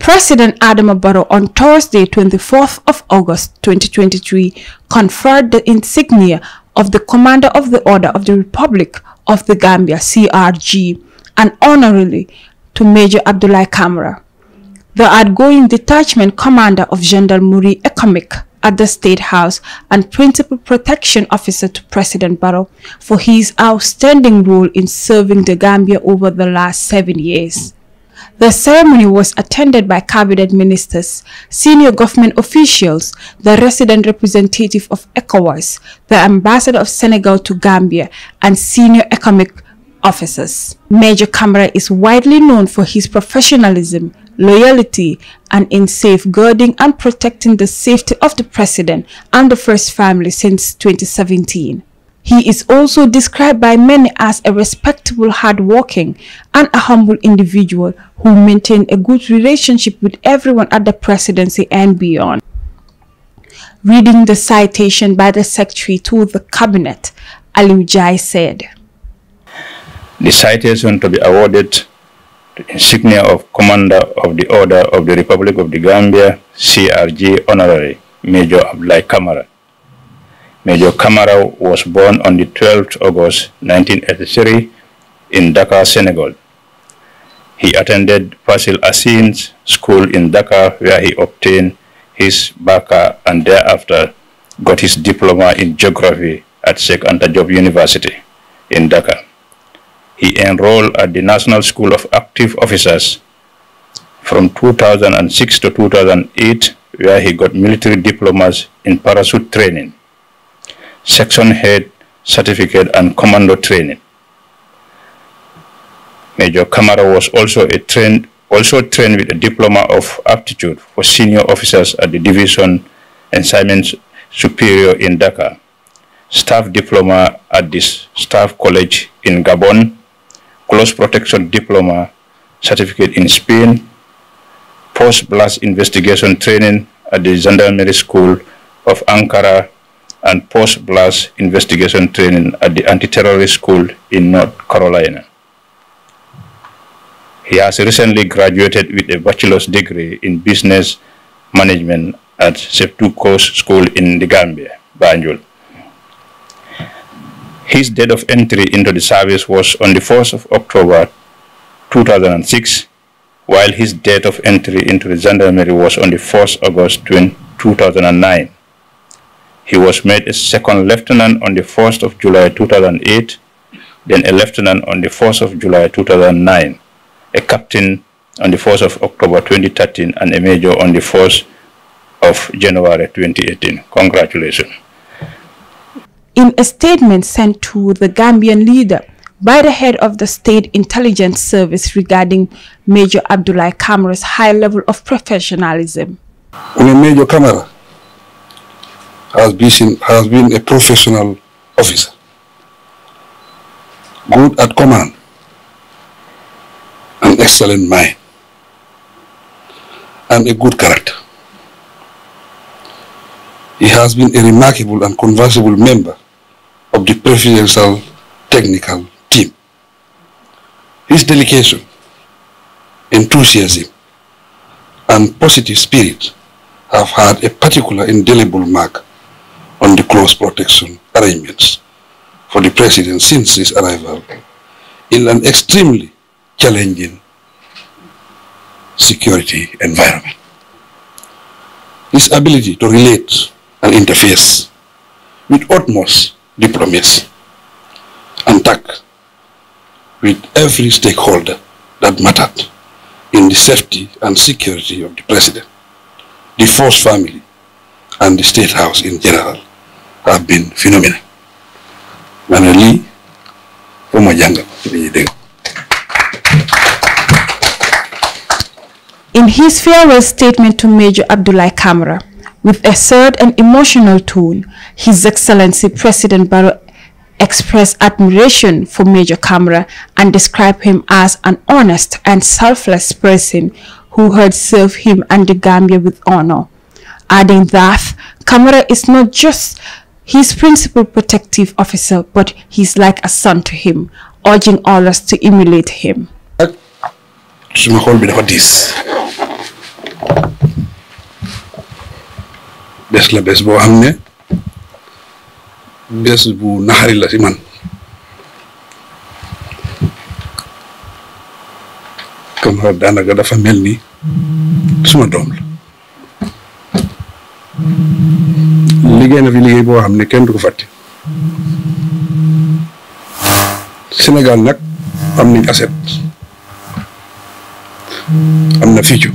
President Adama Barrow on Thursday, 24th of August 2023, conferred the insignia of the Commander of the Order of the Republic of the Gambia, CRG, and honorarily to Major Abdullah Kamara, the outgoing detachment commander of Gendarmerie Ekamik at the State House and principal protection officer to President Barrow for his outstanding role in serving the Gambia over the last seven years. The ceremony was attended by cabinet ministers, senior government officials, the resident representative of ECOWAS, the ambassador of Senegal to Gambia, and senior economic officers. Major Camara is widely known for his professionalism, loyalty, and in safeguarding and protecting the safety of the president and the first family since 2017. He is also described by many as a respectable, hardworking, and a humble individual who maintained a good relationship with everyone at the presidency and beyond. Reading the citation by the secretary to the cabinet, Jai said, The citation to be awarded the insignia of Commander of the Order of the Republic of the Gambia, CRG Honorary, Major Abdullah Kamara, Major Kamara was born on the 12th August 1983 in Dakar, Senegal. He attended Fasil Asin's school in Dakar where he obtained his BACA and thereafter got his diploma in geography at Sheikh Anta University in Dhaka. He enrolled at the National School of Active Officers from 2006 to 2008 where he got military diplomas in parachute training section head certificate and commando training. Major Kamara was also a trained also trained with a diploma of aptitude for senior officers at the division Simon's superior in Dhaka, staff diploma at the staff college in Gabon, close protection diploma certificate in Spain, post-blast investigation training at the Gendarmerie School of Ankara and post-blast investigation training at the anti-terrorist school in North Carolina. He has recently graduated with a bachelor's degree in business management at Septuco School in the Gambia, Banjul. His date of entry into the service was on the 4th of October 2006, while his date of entry into the gendarmerie was on the 4th August 2009. He was made a second lieutenant on the 1st of July 2008, then a lieutenant on the 4th of July 2009, a captain on the 4th of October 2013, and a major on the 4th of January 2018. Congratulations. In a statement sent to the Gambian leader by the head of the State Intelligence Service regarding Major Abdullah Kamara's high level of professionalism. Major Kamara has been, has been a professional officer, good at command, an excellent mind, and a good character. He has been a remarkable and conversable member of the presidential technical team. His dedication, enthusiasm, and positive spirit have had a particular indelible mark on the close protection arrangements for the president since his arrival in an extremely challenging security environment. His ability to relate and interface with utmost diplomacy and tact with every stakeholder that mattered in the safety and security of the president, the force family, and the state house in general have been phenomenal In his farewell statement to Major Abdullah Kamara, with a sad and emotional tone, His Excellency President Barrow expressed admiration for Major Kamara and described him as an honest and selfless person who had served him and the Gambia with honor, adding that Kamara is not just his principal protective officer, but he's like a son to him, urging all us to emulate him. Should we call me about this? bés la bés boo xam ne bés bu la siman. man comme daanaka dafa mel ni suma doom liggéey na fi liggéey boo xam ne kenn du ko fàtte Sénégal nag am nañ asset am na ficcu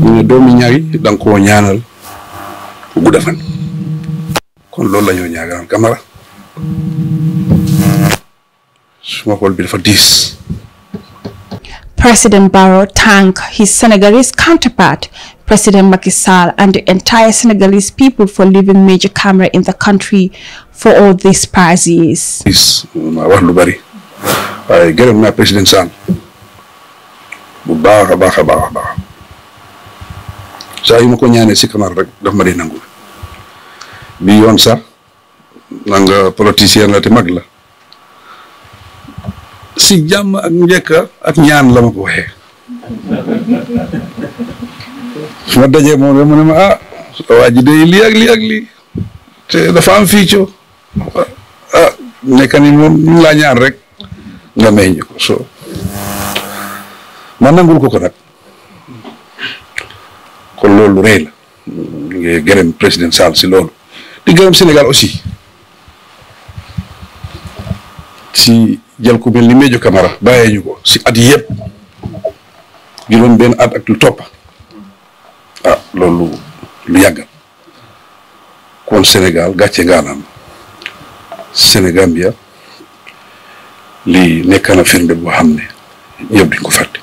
ñu ne doomi ñaari da nga ñaanal ku gudda fan kon loolu la ñoo ñaagaram Camara suma xol bi dafa diis President Barrow thanked his Senegalese counterpart, President Macky Sall, and the entire Senegalese people for leaving Major camera in the country for all these past years. Is Wanubari, I get my President Sall. Baba, baba, baba. saa yu ma ko ñaanee si Camara rek daf ma di nangul bi yoon sax nanga politicien la te mag la si jàmm ak njëkk ak ñaan la ma ko waxee su ma dajee moom rek mu ne ma ah waa ji day lii ak ak dafa am fii co ah nekk la moom rek nga may ñu ko so ma nangul ko ko nag kon loolu rëy la ñu ngi président Sall si loolu di gërëm Sénégal aussi si jël ku mel ni Médio Camara bàyyee ñu ko si at yëpp juróom benn at ak lu topp ah loolu lu yàgg kon Sénégal gàcce ngaanaam Sénégambia lii nekk na firnde boo xam ne ñëpp duñ ko fàtte.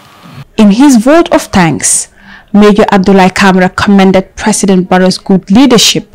In his word of thanks, Major Abdoulaye Camara commended President Barrow's good leadership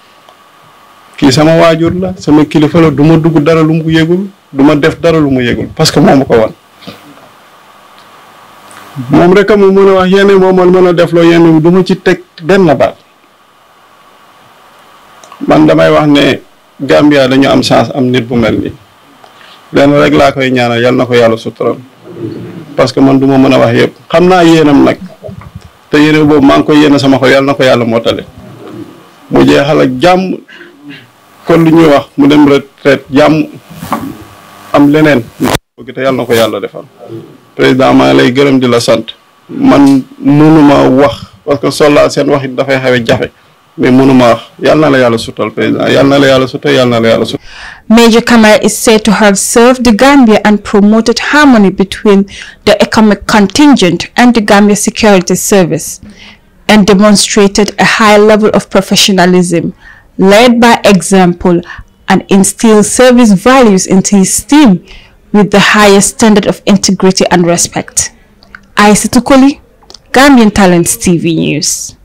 ki sama wajur la sama kilifa la duma dugg dara lu mu yegul duma def dara lu mu yegul parce que moom ko won mom rek mo meuna wax yene moom mo meuna def lo yene duma ci tek ben la baat man damay wax ne Gambia dañu am chance am nit bu melni nii rek la koy ñaanal yalla nako yalla sutural parce que man duma meuna wax yeb xamna naa nak te yene boobu mang koy yene sama xol yalla nako yalla motale mu jeexal ak kon li ñuy wax mu dem retraite jàmm am leneen te yàlla na ko yàlla defal président maa lay gërëm di la sant man mënuma wax parce que seen wax it dafay xawe jafe mais Major Kamara is said to have served the Gambia and promoted harmony between the economic contingent and the Gambia Security Service and demonstrated a high level of professionalism led by example, and instill service values into his team with the highest standard of integrity and respect. Aisitukoli, Gambian Talents TV News.